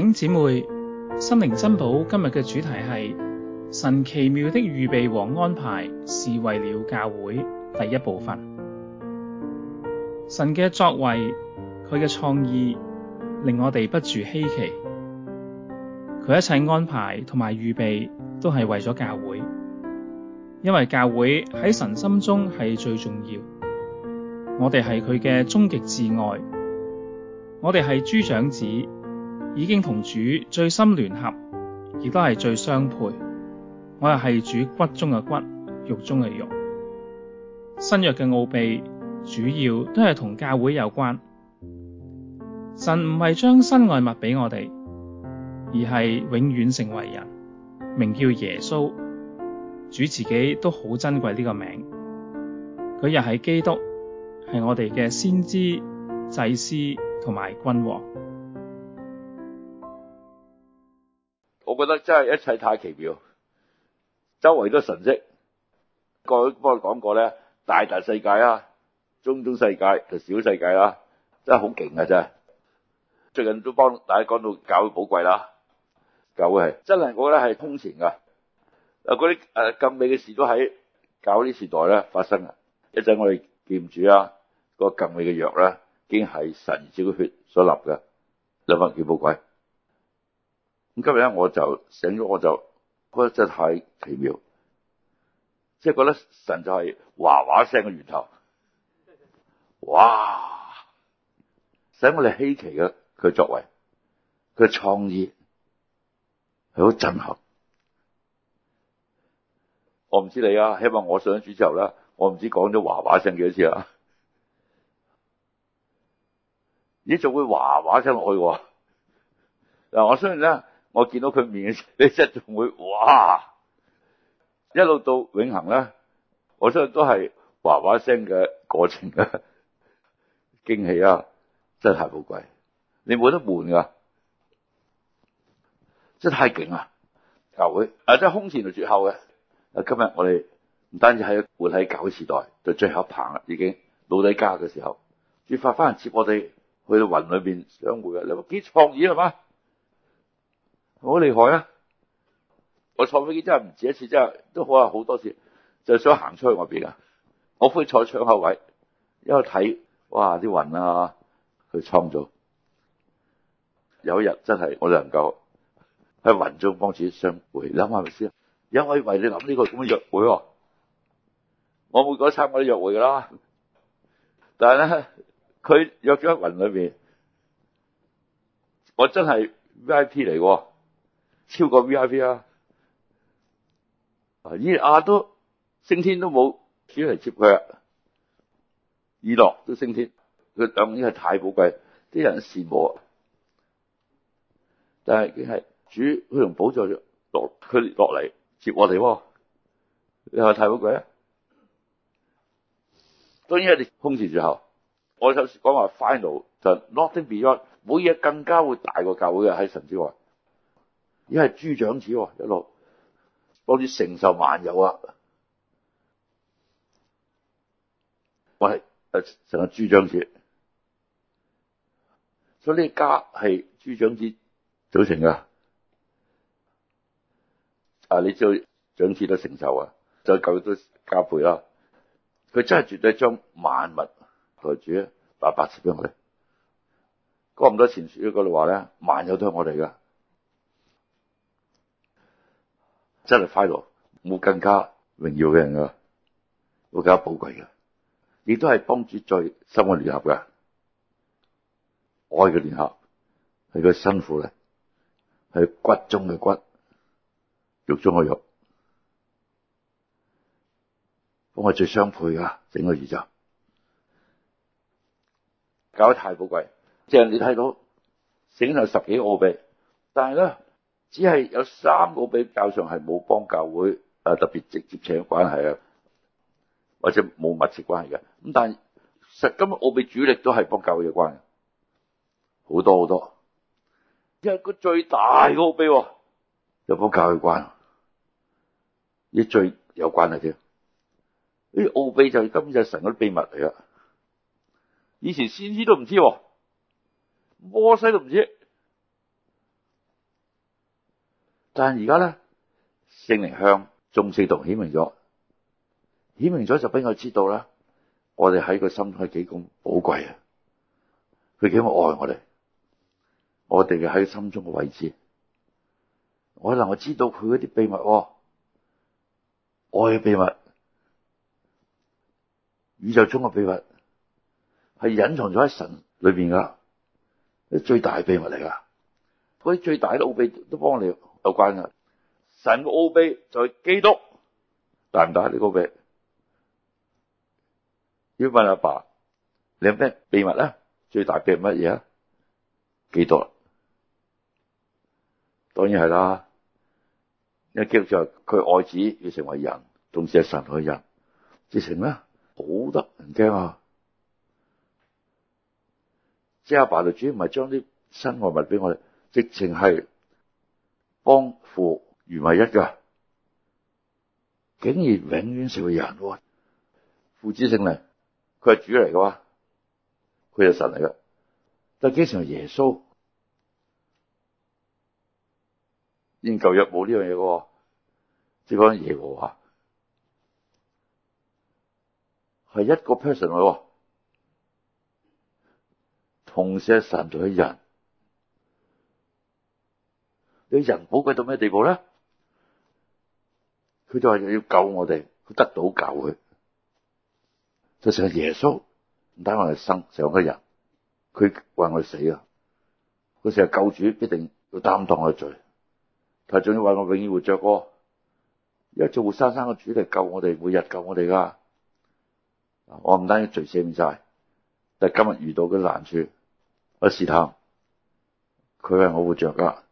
頂姊妹，心靈珍寶今日嘅主題係神奇妙的預備和安排，是為了教會第一部分。神嘅作為，佢嘅創意令我哋不住稀奇。佢一切安排同埋預備都係為咗教會，因為教會喺神心中係最重要。我哋係佢嘅終極摯愛，我哋係諸長子。已經同主最深聯合，亦都係最相配。我又係主骨中嘅骨，肉中嘅肉。新約嘅奧祕主要都係同教會有關。神唔係將身外物俾我哋，而係永遠成為人，名叫耶穌。主自己都好珍貴呢個名。佢又係基督，係我哋嘅先知、祭司同埋君王。我覺得真係一切太奇妙，周圍都神蹟。各位講過去幫佢講過咧，大大世界啊，中中世界就小世界啦，真係好勁啊。真係。最近都幫大家講到教會寶貴啦，教會係真係我覺得係空前噶。嗱，嗰啲誒更美嘅事都喺教會啲時代咧發生啊！一陣我哋見唔住啊，嗰個咁美嘅約咧，已經係神子嘅血所立嘅，兩份叫寶貴。咁今日咧，我就醒咗，我就覺得真係太奇妙，即係覺得神就係嘩嘩聲嘅源頭，哇！使我哋稀奇嘅佢作為，佢嘅創意係好震撼。我唔知你啊，希望我上咗主之後呢，我唔知講咗嘩嘩聲幾多次啊？咦？就會嘩嘩聲落去？嗱，我相信咧。我見到佢面嘅時候，你真係仲會哇！一路到永恆咧，我相信都係嘩嘩聲嘅過程嘅驚喜啊！真係太寶貴，你冇得悶噶，真係太勁啊！教會啊，真係空前到絕後嘅。啊，今日我哋唔單止係活喺舊時代，就最後一棒啦，已經老底加嘅時候，絕發翻嚟接我哋去到雲裏邊相會啊，你話幾創意係嘛？好厲害啊！我坐飛機真係唔止一次，真係都好啊，好多次就想行出去外邊啊！我歡喜坐窗口位，因為睇哇啲雲啊，去創造。有一日真係我能夠喺雲中彼此相會，諗下咪先？有位為你諗呢個咁嘅約會，啊，我會嗰餐我啲約會噶啦。但係咧，佢約咗喺雲裏邊，我真係 V I P 嚟喎，啊。超過 VIP 啊！咦、啊，亞都升天都冇主嚟接佢啊。以樂都升天，佢兩樣嘢太寶貴，啲人羨慕。是啊。但係佢係主，佢同寶座落佢落嚟接我哋喎，你話太寶貴啊！當然我哋空前絕後。我有時講話 final 就 nothing beyond，每嘢更加會大過教會喺神之外。因係諸長子一路幫你承受萬有啊！我係誒成個諸長子，所以呢家係諸長子組成噶。啊，你知道長子都承受啊，再夠都加倍啦。佢真係絕對將萬物為主啊！白白折俾我哋，講咁多前說嗰度話咧，萬有都係我哋噶、啊。真係快樂，冇更加榮耀嘅人噶，冇更加寶貴嘅，亦都係幫主最深愛聯合噶，愛嘅聯合係個辛苦咧，係骨中嘅骨，肉中嘅肉，咁係最相配噶整個宇宙，搞得太寶貴，即係你睇到整係十幾奧秘，但係咧。只係有三個奧秘比較上係冇幫教會特別直接請關係呀，或者冇密切關係嘅。咁但係今日奧秘主力都係幫教會有關係，好多好多。一個最大個奧秘就幫教會關係，啲最有關嘅啫。啲奧秘就係今日神嘅秘密嚟呀。以前先知都唔知，摩西都唔知。但而家咧，聖靈向眾聖徒顯明咗，顯明咗就俾我知道啦。我哋喺個心中係幾咁寶貴啊！佢幾愛我哋，我哋嘅喺心中嘅位置，我能夠，知道佢嗰啲秘密，哦、愛嘅秘密，宇宙中嘅秘密，係隱藏咗喺神裏邊噶，最大嘅秘密嚟噶。佢啲最大嘅奧秘都幫你。有關噶神嘅奧秘就係基督，大唔大？呢個秘密要問阿爸，爸，你有咩秘密咧？最大秘密乜嘢啊？基督，當然係啦。因為基督就係佢愛子要成為人，總之係神同人直情啦，好得人驚啊！即係阿爸就主要唔係將啲新外物俾我哋，直情係。幫父如埋一噶，竟然永遠成為人。父子性利，佢係主嚟噶，佢係神嚟噶。但係經常耶穌，以前舊約冇呢樣嘢噶，即講耶和華係一個 person 嚟，同舍神同一人。佢人寶貴到咩地步咧？佢就話要救我哋，佢得到救佢就成日耶穌唔單話係生成一個人，佢為我死啊！佢成日救主必定要擔當我嘅罪，但係仲要為我永遠活着個、啊，因為做活生生個主嚟救我哋，每日救我哋噶。我唔單止罪死唔晒，但係今日遇到嗰啲難處，我試探佢係我活着噶。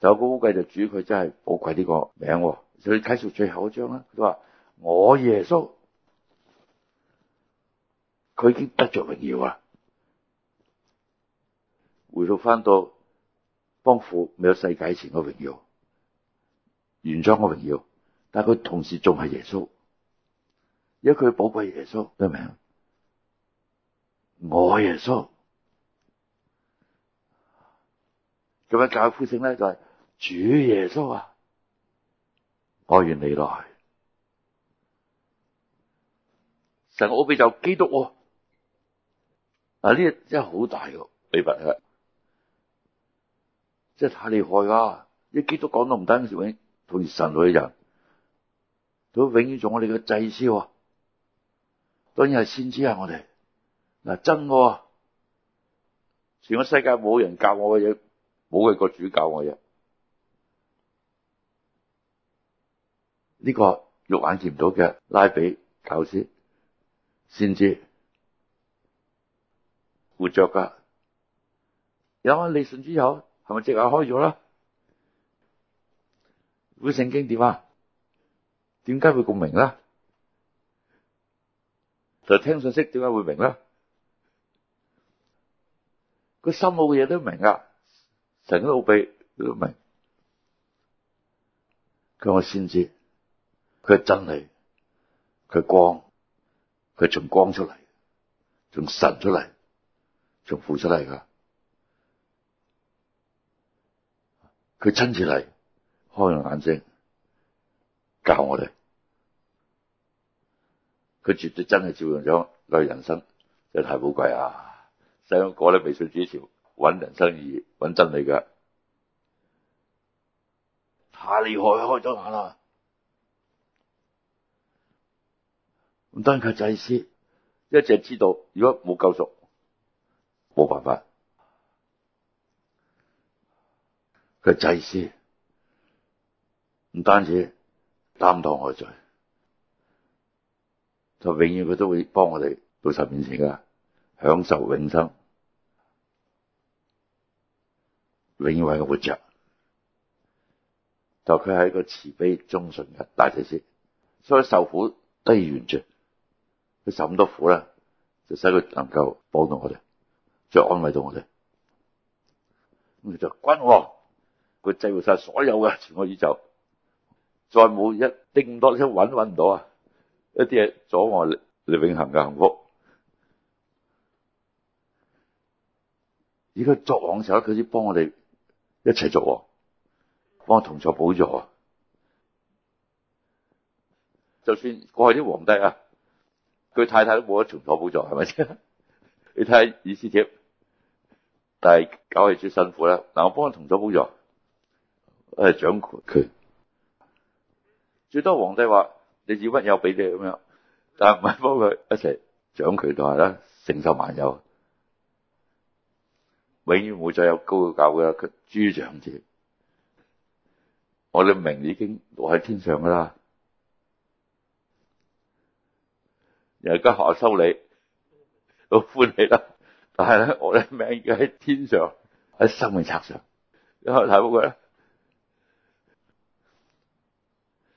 就個烏龜就主佢真係寶貴呢個名，所以睇住最後一章啦。佢話我耶穌，佢已經得咗榮耀啊！回到翻到幫父未有世界前嘅榮耀，原裝嘅榮耀，但係佢同時仲係耶穌，而家佢寶貴耶穌嘅名，我耶穌。咁樣教嘅呼聲咧就係、是。主耶穌啊，我願你來。神嘅奧秘就係基督嗱，啊，呢個真係好大嘅秘密嚟，真係太厲害噶！呢基督講到唔得嘅時，永遠同時神裏嘅人都永遠做我哋嘅祭司，啊。當然係先知一下我們，啊，我哋嗱真嘅，啊，全個世界冇人教我嘅嘢，冇佢個主教我嘅。呢個肉眼見唔到嘅拉比教師先至活著㗎。有啊！利信之後係咪即刻開咗啦？會聖經點呀？點解會咁明啦？就聽信息點解會明啦？個心嘅嘢都明啊！成個老鼻都明，佢話先至。佢係真理，佢係光，佢從光出嚟，從神出嚟，從父出嚟噶。佢親自嚟，開個眼睛教我哋。佢絕對真係照亮咗我哋人生，真係太寶貴啊！細個咧微信紙條，搵人生意義，搵真理噶，太厲害了開咗眼啦！唔單靠祭司，一直知道如果冇救贖，冇辦法。個祭司唔單止擔當我罪，就永遠佢都會幫我哋到十面前噶，享受永生，永遠喺度活着。就佢係一個慈悲忠信嘅大祭司，所以受苦低完全。受咁多苦咧，就使佢能夠幫到我哋，再安慰到我哋。咁佢就君王，佢制服晒所有嘅全個宇宙，再冇一頂多想揾都揾唔到啊！一啲嘢阻礙你永恒嘅幸福。而佢作王嘅時候，佢先幫我哋一齊作王，幫我同坐寶座。就算過去啲皇帝啊。佢太太都冇得同坐寶座，係咪你睇下意思是但是搞嘢最辛苦咧。我幫佢同坐寶座，係掌權最多皇帝話你要不要俾你咁樣，但係唔係幫佢一齊掌權度，就是啦，承受萬有，永遠唔會再有高教嘅，佢豬掌住，我哋名已經落喺天上㗎喇。人家何收你？我歡喜啦，但係咧，我咧名叫喺天上喺生命冊上，因為睇唔過咧。